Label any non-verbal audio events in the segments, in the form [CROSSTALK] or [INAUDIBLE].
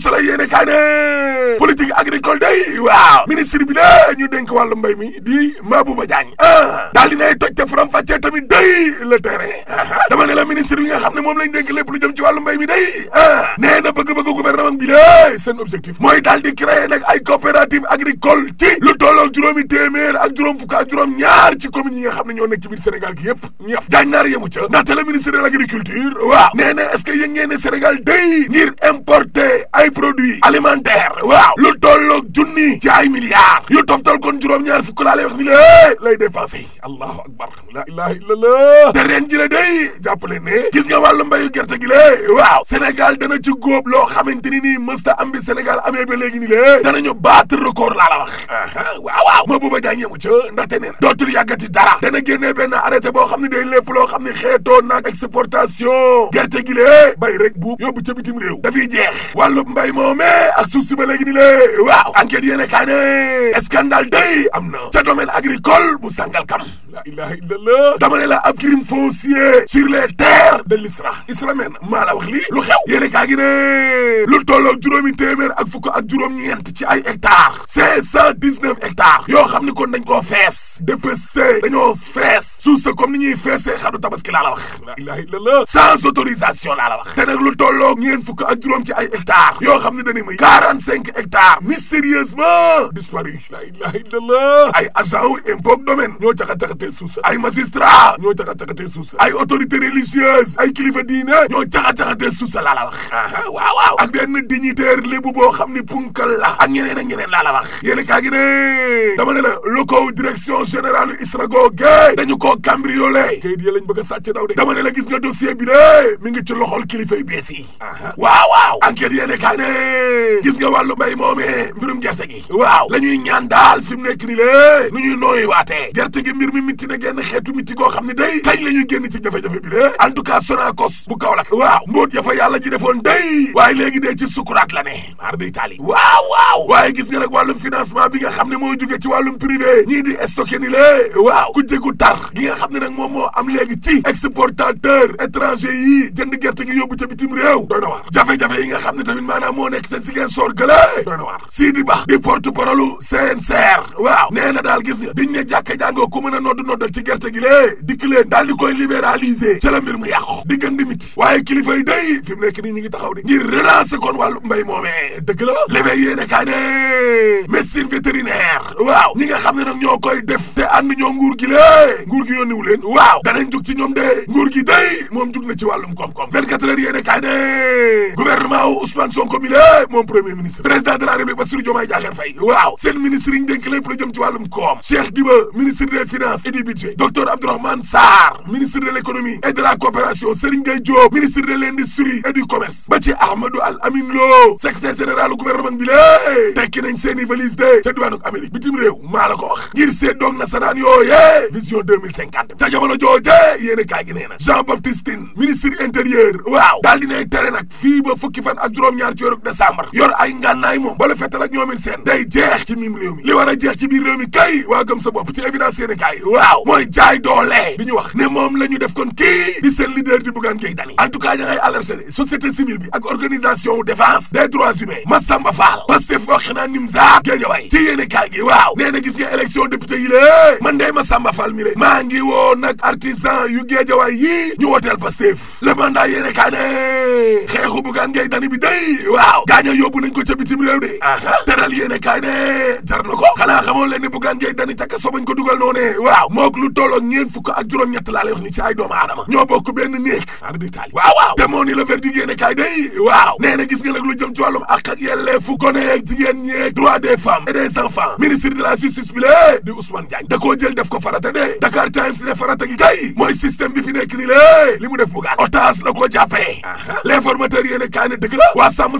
Soleil yéene kaay ne agricole day waaw ministre bi la ñu denk wàllu mbéy mi di Mabouba Diagne ah daal dinay toj te faram fàccee tamit day le terrain ah, ah. dama ne ministre bi nga xam ne moom lañ dénk lépp lu jëm ci wàllu mbéy mi day ah nee na bëgg-bëgg gouvernement bi la seen objectif mooy daal di créer ay coopérative agricole ci lu tolloog juróomi téeméer ak juróom fukk ak juróom ñaar ci commune yi nga xam ne ñoo nekk ci biir Sénégal gi yëpp ñëpp jaañ naar yemu ca ndaxte que yéen ngeen ne Sénégal day ngir importer ay ay produits alimentaires waaw loo tolloog junni ci ay milliards yu toftal juróom-ñaar fukk laa lay wax ni la eh, lay dépensé allahu akbar la ilaha illallah te ren ji la day jàppale ne gis nga wàllu mbayu gerte gi la eh, waaw Sénégal dana ci góob loo xamante ni nii mësta am bi amee ba léegi ni la eh. danañu battre record laa la wax waaw waaw ma buba jaa ñeemu ca ndaxte nee na dootul yàggati dara dana génnee benn arrêté boo xam ne day lépp loo xam ne xeetoo naag exportation gerte gi la bay rek buub yóbbu ca ay moome ak suuf si ba léegi ni lée waaw enquête yéene kaay ne day am na ca domaine agricole bu Sangalkam la ilaha illallah dama ne la ab crime foncier sur les terres de l'ISRA ISRA men maa la wax lu xew yéene kaay gi ne lu tolloog juróomi téeméer ak fukk ak juróom-ñeent ci ay hectares cinq cent dix-neuf hectares yoo xam ni kon dañ ko fees dépecé dañoo fees suuf sa comme ni ñuy feesee xadu tabaski laa la wax la sans autorisation laa la wax te nag lu tolloog ñeent fukk ak juróom ci ay hectares yoo xam ne dañuy may quarante cinq hectares mystérieusement disparu la ilaha illallah ay agent u impôt domaine ñoo caxa-caxatee suuf sa ay magistrat ñoo caxa-caxatee suuf sa ay autorité religieuse ay kilifa diine ñoo caxa-caxatee suuf sa laa la [LAUGHS] wax waaw waaw ak benn dignitaire lébu boo xam ne punkal la ak ñeneen ak ñeneen laa la wax yéen kaa gi ne dama ne la locaux direction générale ISRAGO gay dañu koo cambriolé kayit ya lañ bëgg a sàcc daw de dama ne la gis nga dossier bi de mi ngi ci loxol kilifa yi [LAUGHS] waxtaane gis nga wàllu bay moomee mbirum gerte gi waaw la ñuy ñaan daal fi mu nekk ni lée nu ñuy nooyu waatee gerte gi mbir mi mitti na genn xeetu mitti koo xam ne day kañ la ñuy génn ci jafe-jafe bi lée en tout cas Sonacos bu Kaolack waaw mbóot ya fa yàlla ji defoon day waaye léegi dee ci sukuraat la ne mar day taali waaw waaw waaye gis nga nag wàllum financement bi nga xam ne moo jóge ci wàllum privé ñii di stocké ni lée waaw ku jégu tar gi nga xam ne nag moom moo am léegi ci exportateur étranger yi jënd gerte gi yóbbu ca bitim réew doy na waar yi nga xam ne tamit maanaam moo nekk sa Ziguinchor gële doy na waar Sidi Ba di porte parole CNCR waaw nee na daal gis nga biñ ne ku mën a nodd noddal ci gerte gi lée dikk leen di koy libéraliser ca la mbir mu yàqu mit waaye kilifa yi day fi mu nekk nii taxaw di ngir relancer kon wàllu mbéy moomee dëgg la lévey yéene kaa ne médecine vétérinaire waaw ñi nga xam ne nag ñoo koy def te ànd ñoo nguur gi lée nguur gi yónniwu leen waaw danañ jug ci ñoom de nguur gi day moom Sonko bi la moom premier ministre président de la République Bassirou Diomaye Diakhar Faye waaw seen ministre yi ñu dénk lépp la jëm ci wàllum koom Cheikh Diba ministre des finances et du budget docteur Abdourahmane Sarr ministre de l'économie et de la coopération Serigne Gueye Diop ministre de l'industrie et du commerce ba ci Ahmadou Al Amin Lo secrétaire général gouvernement bi lée tekki nañ seeni valise de ca diwaanu Amérique bitim réew maa la ko wax ngir seet doog nasaraan yooye vision 2050 ca jamono jooje yéen a kaay gi nee na Jean Baptiste Tine ministre intérieur waaw daal dinay tere nag fii ba fukki fan ak juróom-ñaar ci wérug décembre yor ay ngànnaay moom bala fetal ak ñoomit seen day jeex ci mim réew mi li war a jeex ci biir réew mi kay waa gëm sa bopp ci évidence yéene waaw mooy jaay doole bi ñu wax ne moom la def kon kii di seen leader di Bougane Gueye Dany en tout cas ña ngay alerté société civile bi ak organisation wu défense des droits humains Massamba Fall Pastef wax naa Nimza Guédiawaye ci yéene gi waaw nee na gis nga élection député yi lée man dey Massamba Fall mi ré maa ngi waaw gaaña yóbbu nañ ko ca bitim réew de aha daral yéene kaay ne jar na ko xanaa xamoon leen ni Bougane Gueye Dany ca ko dugal noonee waaw mook lu tolloo ñeen fukk ak juróom-ñett laa ni ci doomu aadama ñoo bokk benn néeg arbitali waaw waaw demoon ni la na gis nga nag lu jëm ci wàllum ak ak yelleefu droit des femmes et des enfants ministre de la justice bi di Ousmane Diagne da koo def ko farata de Dakar Times ne farata gi kay mooy système bi fi nekk ni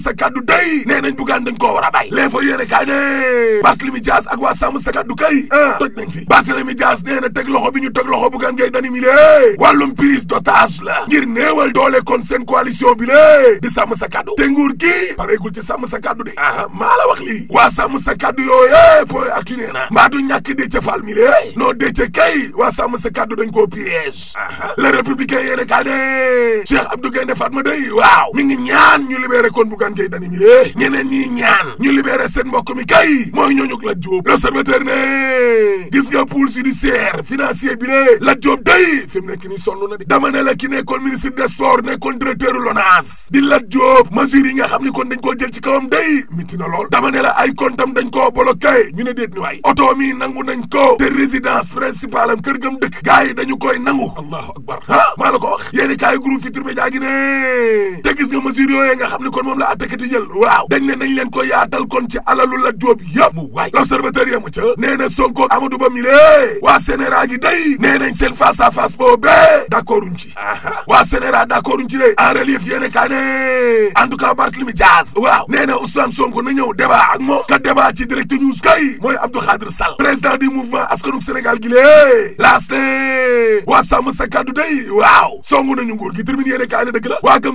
sa kaddu day nee nañ bugaan dañ koo war a bàyyi léeg fa yéene kaay ak waa sàmm sa kaddu kay ah toj nañ fi Barthélemy Dias nee na teg loxo bi ñu teg loxo bugaan ngay dani mi lée wàllum prise d'otage la ngir néewal doole kon seen coalition bi di sàmm sa kaddu te nguur gi pareegul ci sàmm sa kaddu de ah maa la wax waa sàmm sa kaddu yooye poy ak nee na mbaa du ñàkk Déthié Fall noo Déthié kay waa sàmm sa kaddu dañ koo piège ah, le républicain yéene kaay ne Bougane Gueye Dany mi lée ñeneen ñi ñaan ñu libéré seen mbokk mi kay mooy ñooñu Lat Diop L'Observateur ne gis nga pool judiciaire financier bi lée Lat Diop day fi mu nekk ni sonn na di dama ne la ki nekkoon ministre des sports nekkoon directeur LONASE di Lat Diop mesures yi nga xam ni kon dañ koo jël ci kawam day miti na lool la ay kontam dañ koo bloqué ñu ne déet ni waay oto mi nangu nañ ko te résidence principale kër gam dëkk gars dañu koy nangu allahu akbar ah maa dëkkati jël waaw dañ ne nañ leen ko yaatal kon ci alalu Lat Diop yëpp mu waay l'observateur ya mu ca nee na Sonko Ba mi lée waa sénéra gi day nee nañ seen face à face boobee d'accord uñ ci waa sénéra d'accord uñ ci lée en relief yéene kaa ne en tout cas Barthélémy Dias waaw nee na Ousmane Sonko na ñëw débat ak moom ka débat ci direct news kay mooy Abdou Khadre Sall président du mouvement askanug Sénégal gi day waaw songu nañu nguur gi terminé yéene kaa ne waa gëm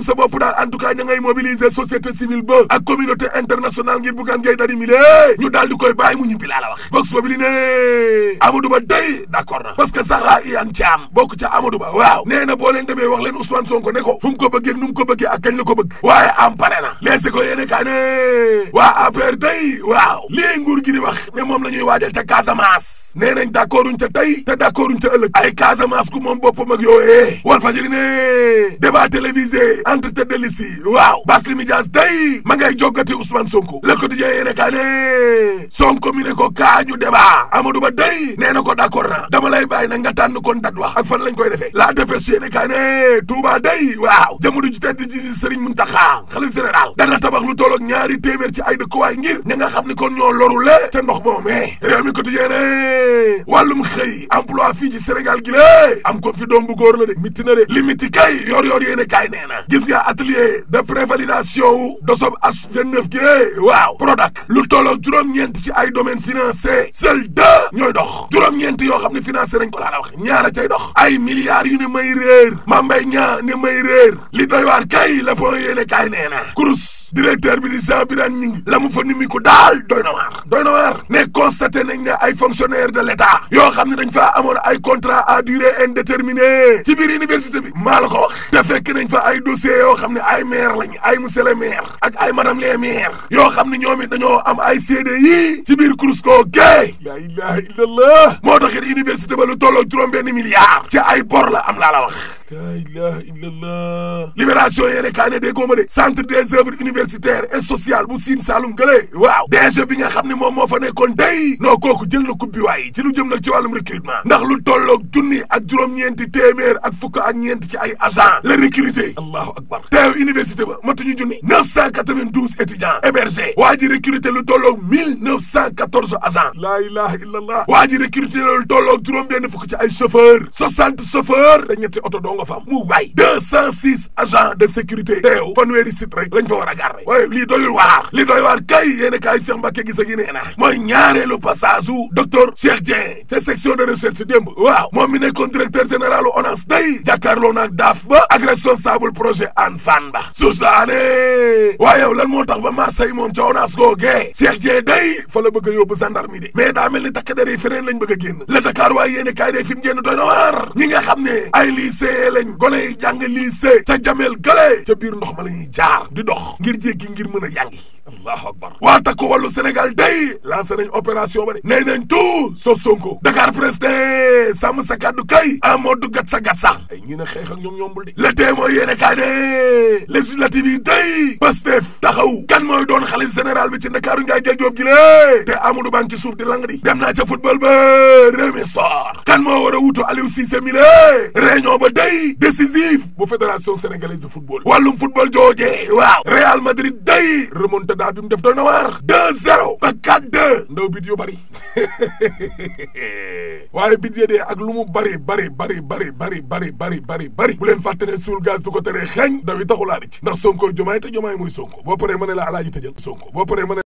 tout cas ña ngay mobiliser société société civile ba ak communauté internationale ngir Bougane Gueye Dany mi lee eh, ñu daal di koy bàyyi mu ñibbi wax box boobu li ne Amadou day d'accord na parce que Zahra Iyane Thiam bokk ca Amadou Ba waaw nee na boo leen demee leen Ousmane Sonko ne ko fu ko ko bëggee ak kañ la ko waaye am leese ko yéene kaa ne waa APR day waaw lii nguur gi di wax ne moom la ñuy waajal ca Casamance nee nañ d'accorduñ ca tey te d'accorduñ ca ëllëg ay Casamance ku moom boppam ak yooyee Walf Fadjri ne débat télévisé entre tête de liste yi waaw Barthélémy Dias day ma ngay joggati Ousmane Sonko Le Quotidien yéene kaa ne Sonko mi ne ko kaa ñu débat Amadou Ba day nee na ko d'accord na dama lay bàyyi nag nga tànn kon dat wa ak fan lañ koy defee la defes yéene kaa ne Touba day waaw jamono ji tedd ji Serigne Mountakha xalif général dana tabax lu tolloog ñaari téeméer ci ay dëkkuwaay ngir ña nga xam ni kon ñoo loru le te ndox moomee réew wàllum xëy emploi fii ci Sénégal gi lée am ko fi doom bu góor la de mitti na de li mitti kay yoor yoor yéen kaay nee na gis nga atelier de prévalidation wu dosob as 29 gi waaw Prodac lu tolloog juróom-ñeent ci ay domaine financé seul deux ñooy dox juróom-ñeent yoo xam ne financé nañ ko laa la wax ñaara cay dox ay milliards yu ne may réer mambay ñaa ne may réer li doy waar kay la foo yéene kaay nee na kurus Thiès directeur bi di Jean Birane Gningue la mu fa nimi ko daal doy na waar doy na waar ne constaté nañ ne ay fonctionnaire de l'État yoo xam ne dañ fa amoon ay contrat à durée indéterminée ci biir université bi maa la ko wax te fa ay dossiers yoo xam ne ay maire lañ ay monsieur le maire ak ay madame les maires yoo xam ne ñoom it dañoo am ay CDI ci biir Crusco gay la ilaha illallah moo taxit université ba lu tolloog juróom-benn milliard ci ay bor la am laa la wax la ilaha illallah libération yéene kaa ne universitaire social bu Sine Saalum gële waaw DG bi nga xam ne moom moo fa nekkoon day noo kooku jël na kubbi waay ci lu jëm nag ci wàllum recrutement ndax lu tolloog junni ak juróom-ñeenti téeméer ak fukk ak ñeent ci ay agent la recruté allahu akbar teew université ba matuñu junni 992 étudiants hébergés waa ji recruté lu tolloog 1914 agents laa ilaha illallah waa ji recruté lu tolloog juróom-benn fukk ci ay chauffeur 60 chauffeur da ñetti oto doo nga fa am mu waay 206 agents de sécurité teew fanweeri site rek lañ fa war a milliards waaye lii doyul waar li doy kay yéen a kaay Cheikh Mbacke gis a gi nee na mooy ñaareelu passage u docteur Cheikh Dieng te section de recherche démb waaw moom mi nekkoon directeur général u ONAS day jàkkaarloo naag daaf ba ak responsable projet an fan ba susaane waaye yow lan moo tax ba Marseille moom ca ONAS googee Cheikh Dieng day fa la bëgg a yóbbu gendarme de mais daa mel yi feneen lañ a génn la Dakar waaye yéen a kaay day fi na waar ñi nga xam ne ay lycée lañ gone yi jàng lycée ca jamel gale ca biir ndox ma la ñuy kër jéegi ngir mën a yàngi allahu akbar waa takku wàllu Sénégal day lancé nañ opération ba de nee nañ tout sauf Sonko Dakar Presse de sàmm sa kàddu kay Amadou gat sa gat sax ay ñu ne xeex ak ñoom yombul de le témoin yéene kaa ne législative yi day Pastef taxaw kan mooy doon xalif général bi ci Ndakaaru Ndiaye Ndiaye Diop gi lée te Amadou Ba ngi ci suuf di lang di dem naa ca football ba Rewmi Sport kan moo war a wutu Aliou Cissé mi lée réunion ba day décisif bu fédération Madrid day remontada bi mu def doy na waar deux zéro ba quatre deux ndaw bit yu bëri [LAUGHS] waaye bit yi de ak lu mu bëri bëri bëri bëri bëri bëri bëri bëri bëri bu leen fàtte ne suul gaz du ko tere xeeñ daw yi taxulaa ci ndax Sonko jomaay te jomaay muy Sonko boo paree ma ne la alaaji tëjal Sonko boo paree ma ne